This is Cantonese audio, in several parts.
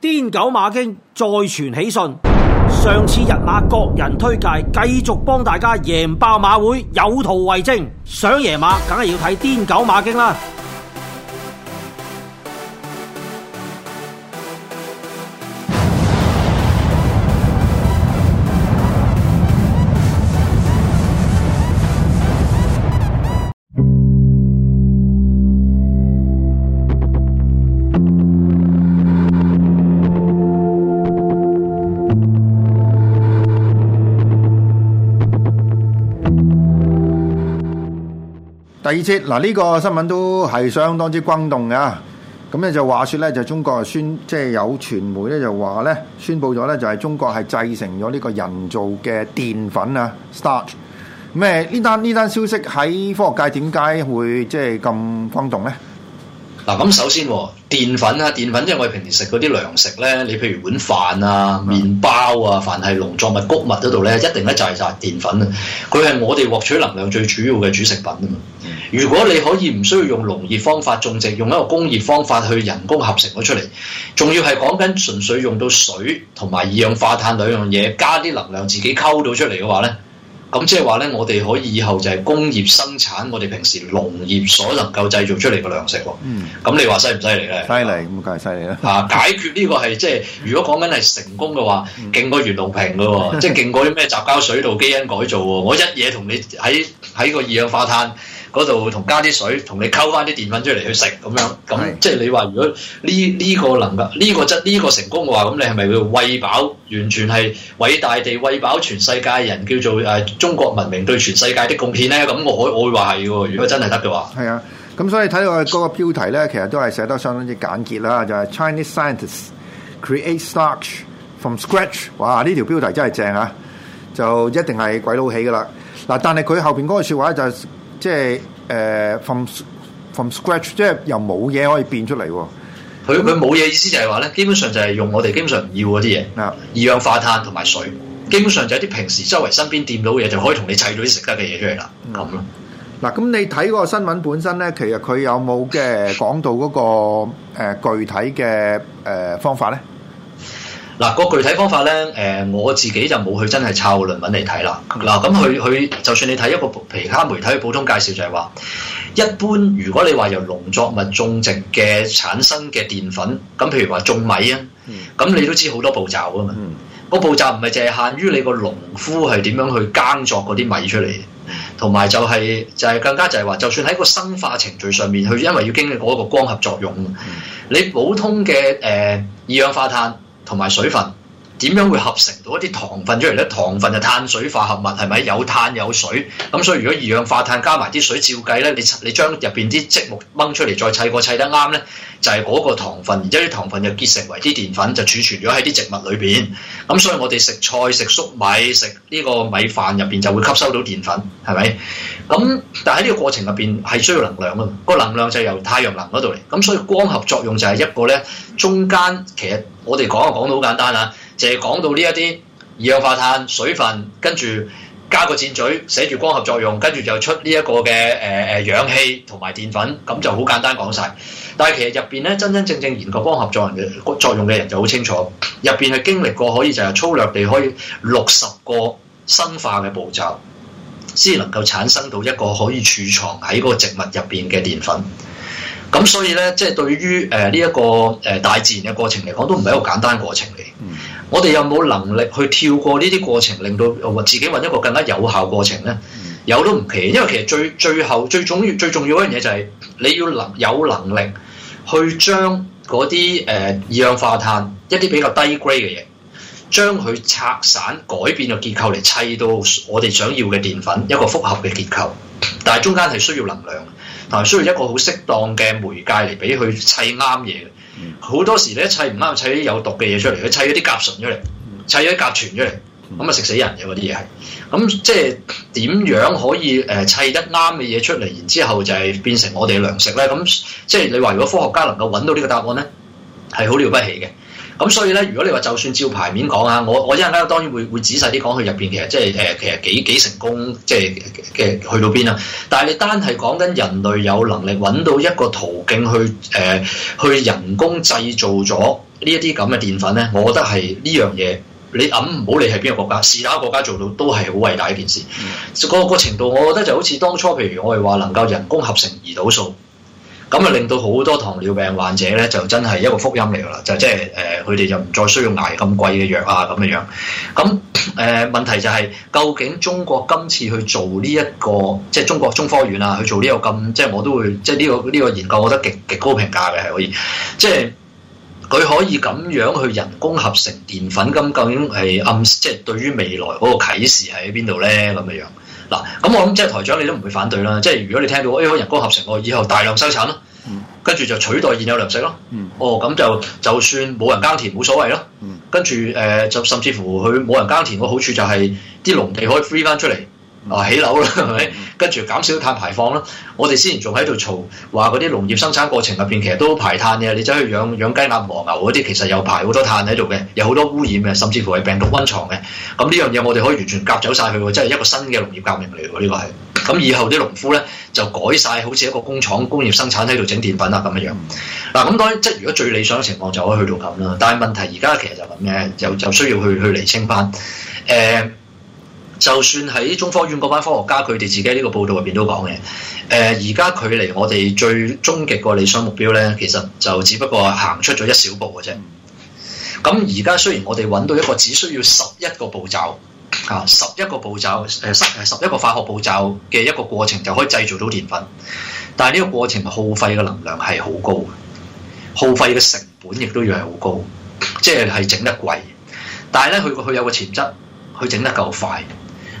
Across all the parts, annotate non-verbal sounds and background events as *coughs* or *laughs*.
癲狗馬經再傳喜訊，上次日馬各人推介繼續幫大家贏爆馬會，有圖為證。想贏馬，梗係要睇癲狗馬經啦。第二節嗱，呢個新聞都係相當之轟動嘅，咁咧就話説咧就中國宣，即係有傳媒咧就話咧宣佈咗咧就係中國係製成咗呢個人造嘅澱粉啊，starch。咩呢單呢單消息喺科學界點解會即係咁轟動咧？嗱咁，首先喎，澱粉啊，澱粉即係我哋平時食嗰啲糧食咧，你譬如碗飯啊、麵包啊，凡係農作物、穀物嗰度咧，一定咧就係就係澱粉啊，佢係我哋獲取能量最主要嘅主食品啊嘛。如果你可以唔需要用農業方法種植，用一個工業方法去人工合成咗出嚟，仲要係講緊純粹用到水同埋二氧化碳兩樣嘢，加啲能量自己溝到出嚟嘅話咧。咁即係話咧，我哋可以以後就係工業生產，我哋平時農業所能夠製造出嚟嘅糧食。咁、嗯、你話犀唔犀利咧？犀利，咁梗係犀利啦！啊， *laughs* 解決呢個係即係，如果講緊係成功嘅話，勁過袁隆平噶，即係勁過啲咩雜交水稻基因改造喎！ *laughs* 我一嘢同你喺喺個二氧化碳。嗰度同加啲水，同你溝翻啲澱粉出嚟去食咁樣，咁即係你話如果呢呢、呢個能夠呢、呢個質呢、呢個成功嘅話，咁你係咪會餵飽完全係偉大地餵飽全世界人叫做誒、啊、中國文明對全世界的貢獻咧？咁我我會話係如果真係得嘅話。係啊，咁所以睇到嗰個標題咧，其實都係寫得相當之簡潔啦，就係、是、Chinese scientists create starch from scratch。哇！呢、這、條、個、標題真係正啊，就一定係鬼佬起㗎啦。嗱，但係佢後邊嗰個説話就係。即係誒、呃、from from scratch，即係又冇嘢可以變出嚟喎。佢佢冇嘢意思就係話咧，基本上就係用我哋基本上唔要嗰啲嘢，嗯、二氧化碳同埋水，基本上就係啲平時周圍身邊掂到嘢就可以同你砌到啲食得嘅嘢出嚟啦，咁咯、嗯。嗱，咁、嗯、你睇個新聞本身咧，其實佢有冇嘅講到嗰、嗰個、呃、具體嘅誒、呃、方法咧？嗱，個具體方法咧，誒、呃、我自己就冇去真係抄論文嚟睇啦。嗱，咁佢佢就算你睇一個其他媒體嘅普通介紹就，就係話一般如果你話由農作物種植嘅產生嘅澱粉，咁譬如話種米啊，咁、嗯、你都知好多步驟噶嘛。個、嗯、步驟唔係淨係限於你個農夫係點樣去耕作嗰啲米出嚟，同埋就係、是、就係、是、更加就係話，就算喺個生化程序上面，佢因為要經歷嗰個光合作用，嗯嗯、你普通嘅誒、呃、二氧化碳。同埋水分點樣會合成到一啲糖分出嚟咧？糖分就碳水化合物係咪有碳有水咁？所以如果二氧化碳加埋啲水照計咧，你你將入邊啲積木掹出嚟，再砌過砌得啱咧，就係、是、嗰個糖分。而家啲糖分又結成為啲澱粉，就儲存咗喺啲植物裏邊。咁所以我哋食菜食粟米食呢個米飯入邊就會吸收到澱粉係咪？咁但係喺呢個過程入邊係需要能量啊！個能量就由太陽能嗰度嚟，咁所以光合作用就係一個咧中間其實。我哋講就講到好簡單啦，就係講到呢一啲二氧化碳、水分，跟住加個箭嘴，寫住光合作用，跟住就出呢一個嘅誒誒氧氣同埋澱粉，咁就好簡單講晒。但係其實入邊咧，真真正正研究光合作用嘅作用嘅人就好清楚，入邊係經歷過可以就係粗略地可以六十個生化嘅步驟，先能夠產生到一個可以儲藏喺個植物入邊嘅澱粉。咁所以咧，即係對於誒呢一個誒大自然嘅過程嚟講，都唔係一個簡單過程嚟。Mm hmm. 我哋有冇能力去跳過呢啲過程，令到自己揾一個更加有效過程咧？有都唔奇，因為其實最最後最重要最重要一樣嘢就係、是、你要能有能力去將啲誒、呃、二氧化碳一啲比較低 grade 嘅嘢。將佢拆散，改變個結構嚟砌到我哋想要嘅澱粉，一個複合嘅結構。但係中間係需要能量，同埋需要一個好適當嘅媒介嚟俾佢砌啱嘢嘅。好多時你砌唔啱，砌啲有毒嘅嘢出嚟，佢砌咗啲甲醇出嚟，砌咗啲甲醛出嚟，咁啊食死人嘅嗰啲嘢係。咁即係點樣可以誒砌得啱嘅嘢出嚟？然之後就係變成我哋嘅糧食咧。咁即係你話，如果科學家能夠揾到呢個答案咧，係好了不起嘅。咁所以咧，如果你話就算照牌面講啊，我我一陣間當然會會仔細啲講佢入邊其實即係誒其實幾幾成功，即係嘅去到邊啊。但係你單係講緊人類有能力揾到一個途徑去誒、呃、去人工製造咗呢一啲咁嘅澱粉咧，我覺得係呢樣嘢，你諗唔好理係邊個國家，是哪個國家,國家做到都係好偉大一件事。就、嗯那個個程度，我覺得就好似當初譬如我哋話能夠人工合成胰島素。咁啊，令到好多糖尿病患者咧，就真係一個福音嚟噶啦，就即係誒，佢哋就唔再需要捱咁貴嘅藥啊，咁嘅樣。咁誒、呃、問題就係、是，究竟中國今次去做呢、這、一個，即係中國中科院啊，去做呢、這個咁，即係我都會，即係呢、這個呢、這個研究，我覺得極極高評價嘅，係可以，即係佢可以咁樣去人工合成澱粉，咁究竟係暗即係對於未來嗰個啟示喺邊度咧？咁嘅樣。嗱，咁我諗即係台長，你都唔會反對啦。即係如果你聽到誒可以人工合成，我以後大量生產咯，跟住就取代現有糧食咯。嗯、哦，咁就就算冇人耕田冇所謂咯。跟住誒、呃，就甚至乎佢冇人耕田個好處就係啲農地可以 free 翻出嚟。啊，起樓啦，係咪？跟住減少碳排放啦。我哋之前仲喺度嘈話嗰啲農業生產過程入邊，其實都排碳嘅。你走去養養雞鴨和牛嗰啲，其實有排好多碳喺度嘅，有好多污染嘅，甚至乎係病毒溫床嘅。咁呢樣嘢我哋可以完全夾走晒佢喎，即係一個新嘅農業革命嚟喎。呢個係咁以後啲農夫咧就改晒好似一個工廠工業生產喺度整澱粉啊咁樣。嗱，咁當然即係如果最理想嘅情況就可以去到咁啦。但係問題而家其實就咁嘅，就就需要去去釐清翻誒。啊就算喺中科院嗰班科學家佢哋自己呢個報道入邊都講嘅，誒而家距離我哋最終極個理想目標呢，其實就只不過行出咗一小步嘅啫。咁而家雖然我哋揾到一個只需要十一個步驟啊，十一個步驟誒十一個化學步驟嘅一個過程就可以製造到澱粉，但係呢個過程耗費嘅能量係好高，耗費嘅成本亦都要係好高，即係係整得貴。但係呢，佢佢有個潛質，佢整得夠快。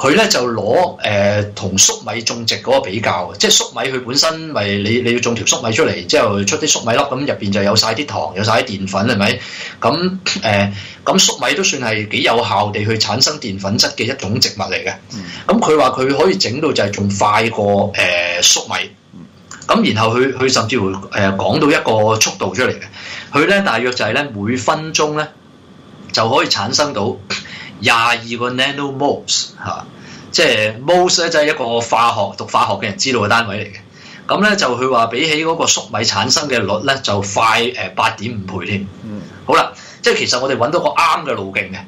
佢咧就攞誒同粟米種植嗰個比較，即係粟米佢本身咪你你要種條粟米出嚟，之後出啲粟米粒咁入邊就有晒啲糖，有晒啲澱粉係咪？咁誒咁粟米都算係幾有效地去產生澱粉質嘅一種植物嚟嘅。咁佢話佢可以整到就係仲快過誒、呃、粟米。咁然後佢佢甚至會誒講到一個速度出嚟嘅。佢咧大約就係咧每分鐘咧就可以產生到。廿二個 nano moles 吓，即係 moles 咧，就係一個化學讀化學嘅人知道嘅單位嚟嘅。咁咧就佢話比起嗰個粟米產生嘅率咧，就快誒八點五倍添。嗯，好啦，即係其實我哋揾到個啱嘅路徑嘅，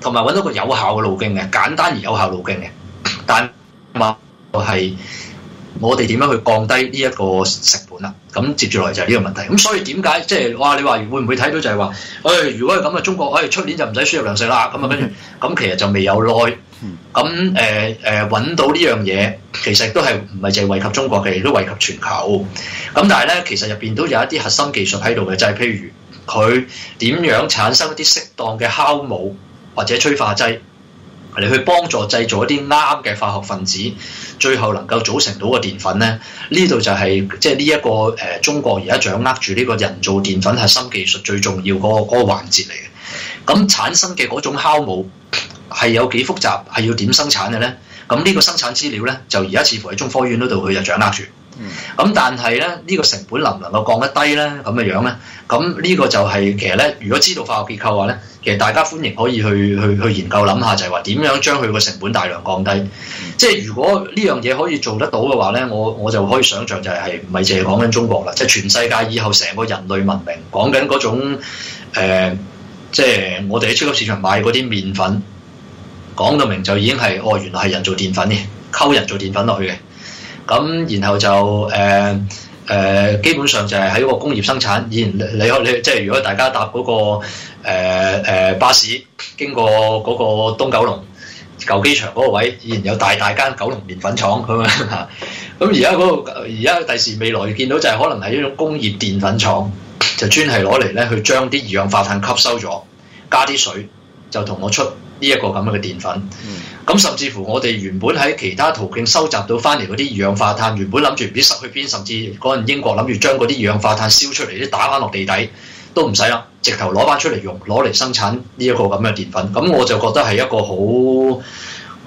同埋揾到個有效嘅路徑嘅，簡單而有效路徑嘅。但嘛，我係。我哋點樣去降低呢一個成本啦？咁接住落嚟就係呢個問題。咁所以點解即係哇？你話會唔會睇到就係話，誒、哎，如果係咁嘅中國誒出、哎、年就唔使輸入糧食啦。咁啊、嗯，跟住咁、嗯、其實就未有耐。咁誒誒揾到呢樣嘢，其實都係唔係淨係惠及中國嘅，亦都惠及全球。咁但係咧，其實入邊都有一啲核心技術喺度嘅，就係、是、譬如佢點樣產生一啲適當嘅酵母或者催化劑。你去幫助製造一啲啱嘅化學分子，最後能夠組成到個澱粉咧。呢度就係、是、即係呢一個誒中國而家掌握住呢個人造澱粉核心技術最重要嗰、那個嗰、那個環節嚟嘅。咁產生嘅嗰種酵母係有幾複雜，係要點生產嘅咧？咁呢個生產資料咧，就而家似乎喺中科院嗰度，佢就掌握住。咁、嗯、但係咧呢、呢個成本能唔能夠降得低呢？咁嘅樣呢，咁呢個就係其實呢，如果知道化學結構嘅話呢，其實大家歡迎可以去去去研究諗下，就係話點樣將佢個成本大量降低。即係如果呢樣嘢可以做得到嘅話呢，我我就可以想象就係唔係淨係講緊中國啦，即係全世界以後成個人類文明講緊嗰種、呃、即係我哋喺超級市場買嗰啲麵粉，講到明就已經係哦，原來係人造澱粉嘅，溝人造澱粉落去嘅。咁，然後就誒誒、呃呃，基本上就係喺個工業生產。以前你你即係如果大家搭嗰、那個誒、呃呃、巴士，經過嗰個東九龍舊機場嗰個位，以前有大大間九龍麵粉廠咁樣嚇。咁而家嗰而家第時未來見到就係可能係一種工業澱粉廠，就專係攞嚟咧去將啲二氧化碳吸收咗，加啲水。就同我出呢一個咁樣嘅澱粉，咁、嗯、甚至乎我哋原本喺其他途徑收集到翻嚟嗰啲二氧化碳，原本諗住唔知塞去邊，甚至嗰陣英國諗住將嗰啲二氧化碳燒出嚟，啲打翻落地底都唔使啦，直頭攞翻出嚟用，攞嚟生產呢一個咁嘅澱粉，咁、嗯、我就覺得係一個好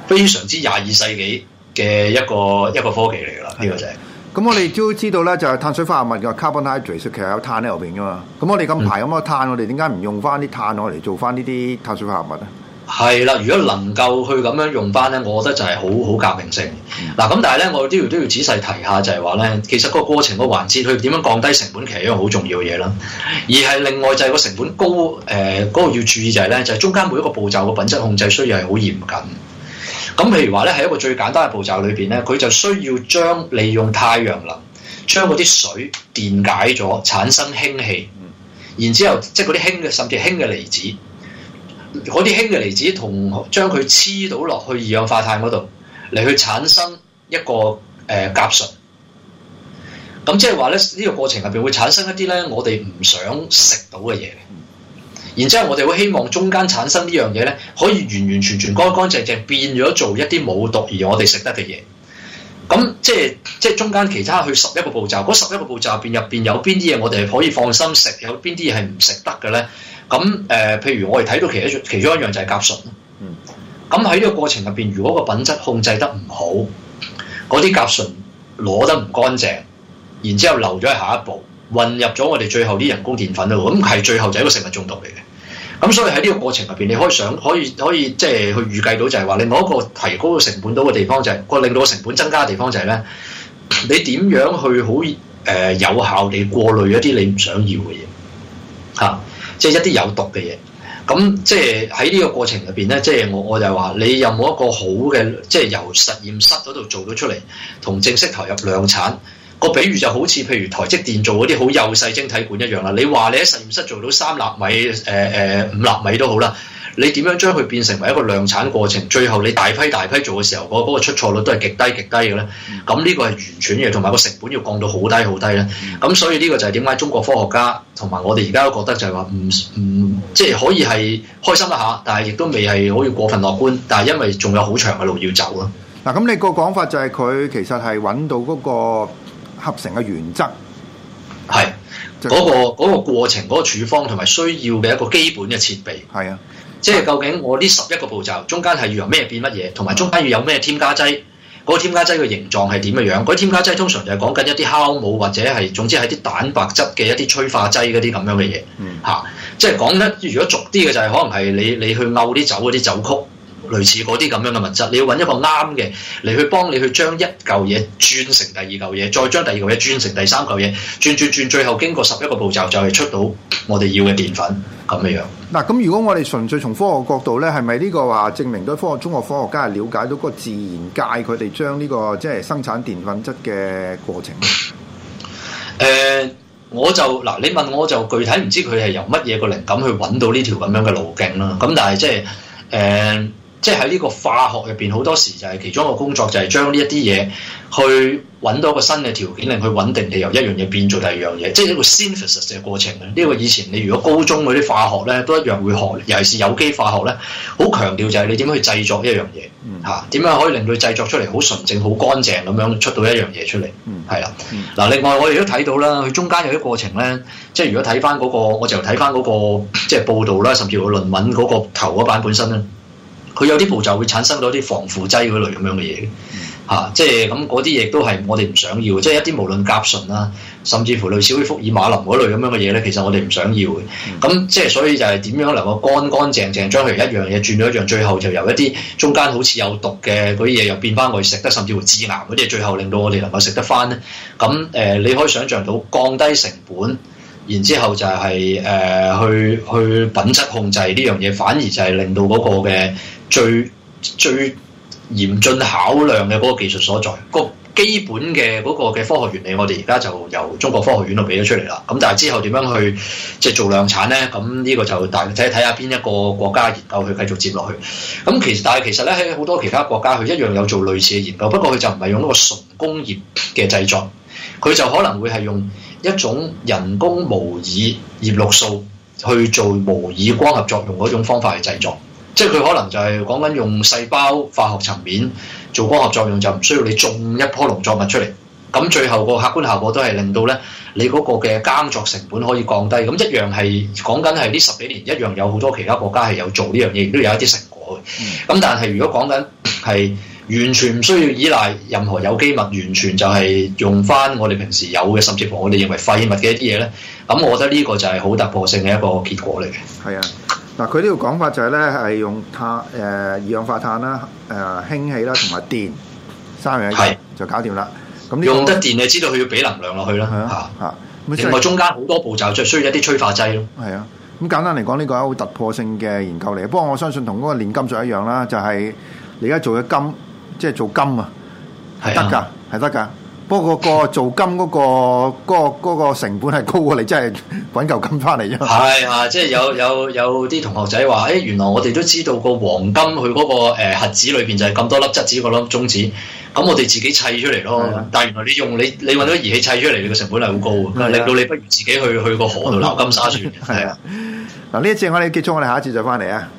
非常之廿二世紀嘅一個一個科技嚟啦，呢、嗯、個就係、是。咁我哋都知道咧，就係碳水化合物嘅 carbon hydrate，其實有碳喺入邊噶嘛。咁我哋近排咁多碳，我哋點解唔用翻啲碳我嚟做翻呢啲碳水化合物咧？係啦，如果能夠去咁樣用翻咧，我覺得就係好好革命性。嗱，咁但係咧，我都要都要仔細提下，就係話咧，其實個過程個環節，佢點樣降低成本，其實一個好重要嘅嘢啦。而係另外就係個成本高，誒嗰個要注意就係咧，就係中間每一個步驟嘅品質控制，需要係好嚴謹。咁譬如話咧，喺一個最簡單嘅步驟裏邊咧，佢就需要將利用太陽能將嗰啲水電解咗，產生氫氣，然之後即係嗰啲氫嘅甚至係氫嘅離子，嗰啲氫嘅離子同將佢黐到落去二氧化碳嗰度，嚟去產生一個誒、呃、甲醇。咁即係話咧，呢、呢個過程入邊會產生一啲咧，我哋唔想食到嘅嘢。然之後，我哋好希望中間產生呢樣嘢呢，可以完完全全乾乾淨淨變咗做一啲冇毒而我哋食得嘅嘢。咁即係即係中間其他去十一個步驟，嗰十一個步驟入邊入邊有邊啲嘢我哋可以放心食，有邊啲嘢係唔食得嘅呢？咁誒、呃，譬如我哋睇到其、其中其中一樣就係甲醇。咁喺呢個過程入邊，如果個品質控制得唔好，嗰啲甲醇攞得唔乾淨，然之後留咗喺下一步，混入咗我哋最後啲人工澱粉度，咁係最後就係一個食物中毒嚟嘅。咁所以喺呢個過程入邊，你可以想可以可以即係去預計到就係話另外一個提高個成本到嘅地方就係個令到個成本增加嘅地方就係咧，你點樣去好誒有效地過濾一啲你唔想要嘅嘢，嚇、啊，即係一啲有毒嘅嘢。咁即係喺呢個過程入邊咧，即係我我就話你有冇一個好嘅，即係由實驗室嗰度做到出嚟，同正式投入量產。個比喻就好似，譬如台積電做嗰啲好幼細晶體管一樣啦。你話你喺實驗室做到三納米、誒誒五納米都好啦，你點樣將佢變成為一個量產過程？最後你大批大批做嘅時候，嗰、嗰個出錯率都係極低極低嘅咧。咁呢個係完全嘅，同埋個成本要降到好低好低咧。咁所以呢個就係點解中國科學家同埋我哋而家都覺得就係話唔唔，即係、即係、可以係開心一下，但係亦都未係可以過分樂觀。但係因為仲有好長嘅路要走咯。嗱，咁你個講法就係佢其實係揾到嗰、嗰個合成嘅原則係嗰個嗰、嗰個、過程嗰、嗰個處方同埋需要嘅一個基本嘅設備係啊，即係究竟我呢十一個步驟，中間係要由咩變乜嘢，同埋中間要有咩添加劑，嗰、嗰個添加劑嘅形狀係點嘅樣，嗰啲、嗯、添加劑通常就係講緊一啲酵母或者係總之係啲蛋白質嘅一啲催化劑嗰啲咁樣嘅嘢，嚇、嗯啊。即係講得如果俗啲嘅就係可能係你你去勾啲酒嗰啲酒曲。類似嗰啲咁樣嘅物質，你要揾一個啱嘅嚟去幫你去將一嚿嘢轉成第二嚿嘢，再將第二嚿嘢轉成第三嚿嘢，轉轉轉，最後經過十一個步驟就係出到我哋要嘅澱粉咁嘅樣。嗱，咁如果我哋純粹從科學角度呢，係咪呢個話證明到科學中學科學家係了解到個自然界佢哋將呢、呢個即係生產澱粉質嘅過程？誒、呃，我就嗱、呃，你問我就具體唔知佢係由乜嘢個靈感去揾到呢條咁樣嘅路徑啦。咁但係即係誒。呃即係喺呢個化學入邊，好多時就係其中一個工作，就係將呢一啲嘢去揾到一個新嘅條件，令佢穩定你由一樣嘢變做第二樣嘢。即係一個 synthesis 嘅過程啊！呢個以前你如果高中嗰啲化學咧，都一樣會學，尤其是有機化學咧，好強調就係你點樣去製作一樣嘢嚇，點、嗯啊、樣可以令佢製作出嚟好純正、好乾淨咁樣出到一樣嘢出嚟。係啦，嗱、啊，另外我哋都睇到啦，佢中間有啲過程咧，即係如果睇翻嗰個，我就睇翻嗰個即係報道啦，甚至乎論文嗰個頭嗰版本身咧。佢有啲步驟會產生到啲防腐劑嗰類咁樣嘅嘢嘅，嚇、嗯啊，即係咁嗰啲嘢都係我哋唔想要，即係一啲無論甲醇啦，甚至乎類似啲福爾馬林嗰類咁樣嘅嘢咧，其實我哋唔想要嘅。咁、嗯嗯、即係所以就係點樣能夠乾乾淨淨將佢一樣嘢轉咗，一樣，最後就由一啲中間好似有毒嘅嗰啲嘢又變翻我哋食得，甚至乎致癌嗰啲，最後令到我哋能夠食得翻咧。咁誒，你可以想像到降低成本，然之後就係誒去去品質控制呢樣嘢，反而，反而就係令到嗰、嗰個嘅。最最嚴峻考量嘅嗰個技術所在，個基本嘅嗰個嘅科學原理，我哋而家就由中國科學院度俾咗出嚟啦。咁但係之後點樣去即係做量產呢？咁、這、呢個就大睇睇下邊一個國家研究去繼續接落去。咁其實但係其實咧喺好多其他國家，佢一樣有做類似嘅研究，不過佢就唔係用嗰個純工業嘅製作，佢就可能會係用一種人工模擬葉綠素去做模擬光合作用嗰種方法去製作。即係佢可能就係講緊用細胞化學層面做光合作用，就唔需要你種一樖農作物出嚟。咁最後個客觀效果都係令到咧，你嗰個嘅耕作成本可以降低。咁一樣係講緊係呢十幾年一樣有好多其他國家係有做呢樣嘢，亦都有一啲成果嘅。咁但係如果講緊係完全唔需要依賴任何有機物，完全就係用翻我哋平時有嘅，甚至乎我哋認為廢物嘅一啲嘢咧，咁我覺得呢個就係好突破性嘅一個結果嚟嘅。係啊。嗱，佢呢個講法就係咧，係用碳、誒二氧化碳啦、誒氫氣啦，同埋電， *coughs* 三樣嘢就搞掂啦。咁、這個、用得電，你知道佢要俾能量落去啦。吓吓，另外中間好多步驟，就係需要一啲催化劑咯。係啊，咁簡單嚟講，呢個係好突破性嘅研究嚟。不過我相信同嗰個煉金術一樣啦，就係、是、你而家做嘅金，即、就、係、是、做金啊，係得噶，係得噶。不過個做金嗰、那個嗰、那個那個、成本係高過你，真係揾嚿金翻嚟啫嘛。係啊，即係有有有啲同學仔話：誒、欸、原來我哋都知道個黃金佢嗰、那個、呃、核子裏邊就係咁多粒質子，個粒中子。咁我哋自己砌出嚟咯。啊、但係原來你用你你揾到儀器砌出嚟，你個成本係好高，令到、啊、你不如自己去去個河度撈金灑住。係啊。嗱呢、啊啊、一節我哋結束我哋下一次再翻嚟啊。